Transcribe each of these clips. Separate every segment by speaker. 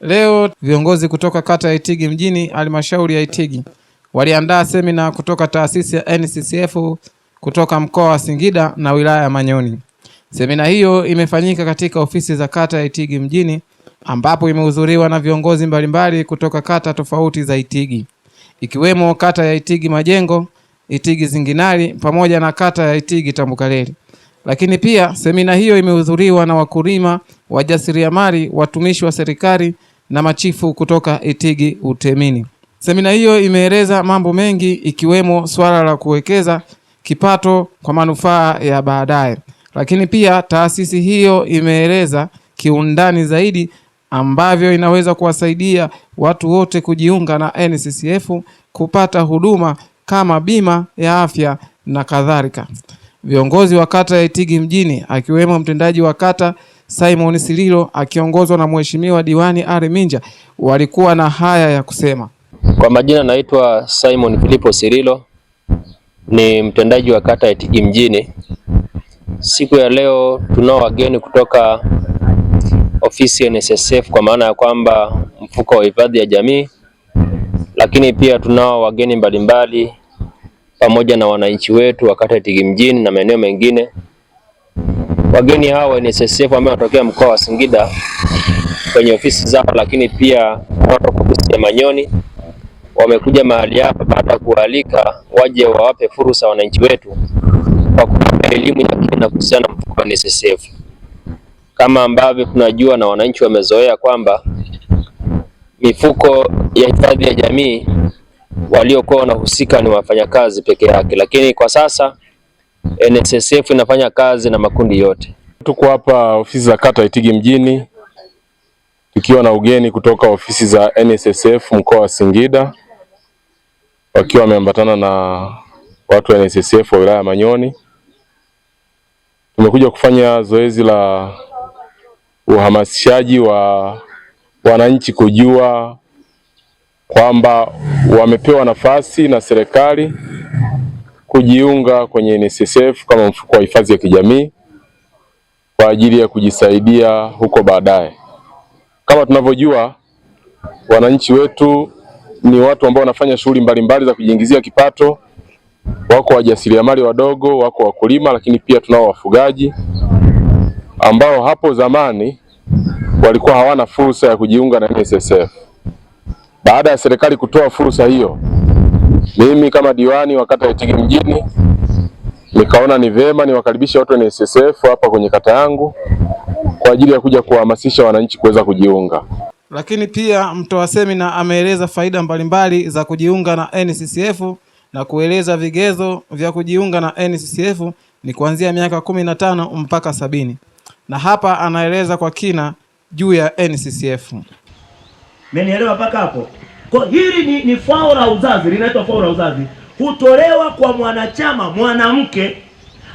Speaker 1: Leo viongozi kutoka kata ya Itigi mjini halmashauri ya Itigi waliandaa semina kutoka taasisi ya NCCF kutoka mkoa wa Singida na wilaya ya Manyoni. Semina hiyo imefanyika katika ofisi za kata ya Itigi mjini ambapo imehudhuriwa na viongozi mbalimbali kutoka kata tofauti za Itigi ikiwemo kata ya Itigi Majengo, Itigi Zinginari pamoja na kata ya Itigi Tambukareli. Lakini pia semina hiyo imehudhuriwa na wakulima, wajasiriamali, watumishi wa serikali na machifu kutoka Itigi Utemini. Semina hiyo imeeleza mambo mengi ikiwemo swala la kuwekeza kipato kwa manufaa ya baadaye. Lakini pia taasisi hiyo imeeleza kiundani zaidi ambavyo inaweza kuwasaidia watu wote kujiunga na NSSF kupata huduma kama bima ya afya na kadhalika. Viongozi wa kata ya Itigi mjini akiwemo mtendaji wa kata Simon Sililo akiongozwa na Mheshimiwa Diwani Ari Minja walikuwa na haya ya kusema.
Speaker 2: Kwa majina naitwa Simon Filipo Sililo, ni mtendaji wa kata ya Itigi mjini. Siku ya leo tunao wageni kutoka ofisi ya NSSF kwa maana ya kwamba mfuko wa hifadhi ya jamii, lakini pia tunao wageni mbalimbali pamoja na wananchi wetu wa kata Itigi mjini na maeneo mengine. Wageni hawa wa NSSF ambao wanatokea mkoa wa Singida kwenye ofisi zao, lakini pia watoka ofisi ya Manyoni wamekuja mahali hapa baada ya kualika waje wawape fursa wananchi wetu kwa kupata elimu ya kina kuhusiana na mfuko wa NSSF. Kama ambavyo tunajua na wananchi wamezoea kwamba mifuko ya hifadhi ya jamii waliokuwa wanahusika ni wafanyakazi peke yake, lakini kwa sasa NSSF inafanya kazi na makundi yote.
Speaker 3: Tuko hapa ofisi za kata Itigi mjini tukiwa na ugeni kutoka ofisi za NSSF mkoa wa Singida wakiwa wameambatana na watu wa NSSF wa wilaya ya Manyoni. Tumekuja kufanya zoezi la uhamasishaji wa wananchi kujua kwamba wamepewa nafasi na serikali kujiunga kwenye NSSF kama mfuko wa hifadhi ya kijamii kwa ajili ya kujisaidia huko baadaye. Kama tunavyojua, wananchi wetu ni watu ambao wanafanya shughuli mbalimbali za kujiingizia kipato. Wako wajasiriamali wadogo, wako wakulima, lakini pia tunao wafugaji ambao hapo zamani walikuwa hawana fursa ya kujiunga na NSSF. Baada ya serikali kutoa fursa hiyo, mimi kama diwani wa kata ya Itigi mjini nikaona ni vema niwakaribishe watu wa NSSF hapa kwenye kata yangu kwa ajili ya kuja kuwahamasisha wananchi kuweza kujiunga.
Speaker 1: Lakini pia mtoa semina ameeleza faida mbalimbali za kujiunga na NSSF na kueleza vigezo vya kujiunga na NSSF ni kuanzia miaka kumi na tano mpaka sabini na hapa anaeleza kwa kina juu ya NSSF
Speaker 4: menielewa mpaka hapo? Kwa hili ni, ni fao la uzazi, linaitwa fao la uzazi, hutolewa kwa mwanachama mwanamke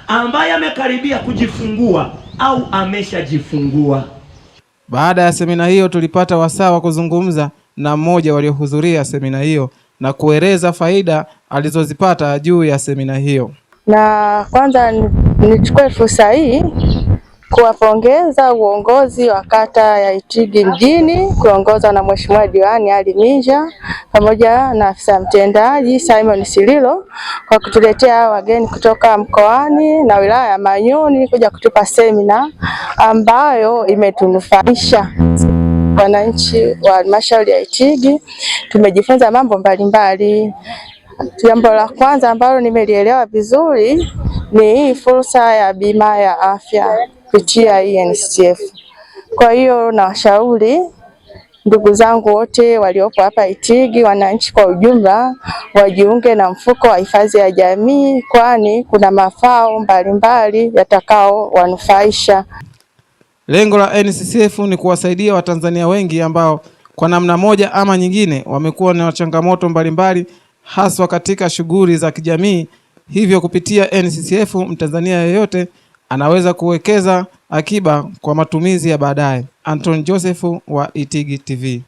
Speaker 4: ambaye amekaribia kujifungua au ameshajifungua.
Speaker 1: Baada ya semina hiyo, tulipata wasaa wa kuzungumza na mmoja waliohudhuria semina hiyo na kueleza faida alizozipata juu ya semina hiyo.
Speaker 5: Na kwanza nichukue fursa hii kuwapongeza uongozi wa kata ya Itigi mjini kuongozwa na Mheshimiwa Diwani Ali Minja pamoja na afisa mtendaji Simon Sililo kwa kutuletea wageni kutoka mkoani na wilaya ya Manyoni kuja kutupa semina ambayo imetunufaisha wananchi wa halmashauri ya Itigi. Tumejifunza mambo mbalimbali. Jambo la kwanza ambalo nimelielewa vizuri ni hii fursa ya bima ya afya kupitia e NSSF. Kwa hiyo nawashauri ndugu zangu wote waliopo hapa Itigi, wananchi kwa ujumla, wajiunge na mfuko wa hifadhi ya jamii, kwani kuna mafao mbalimbali yatakaowanufaisha.
Speaker 1: Lengo la NSSF ni kuwasaidia Watanzania wengi ambao kwa namna moja ama nyingine wamekuwa na changamoto mbalimbali haswa katika shughuli za kijamii. Hivyo kupitia NSSF Mtanzania yeyote anaweza kuwekeza akiba kwa matumizi ya baadaye. Anton Joseph wa Itigi TV.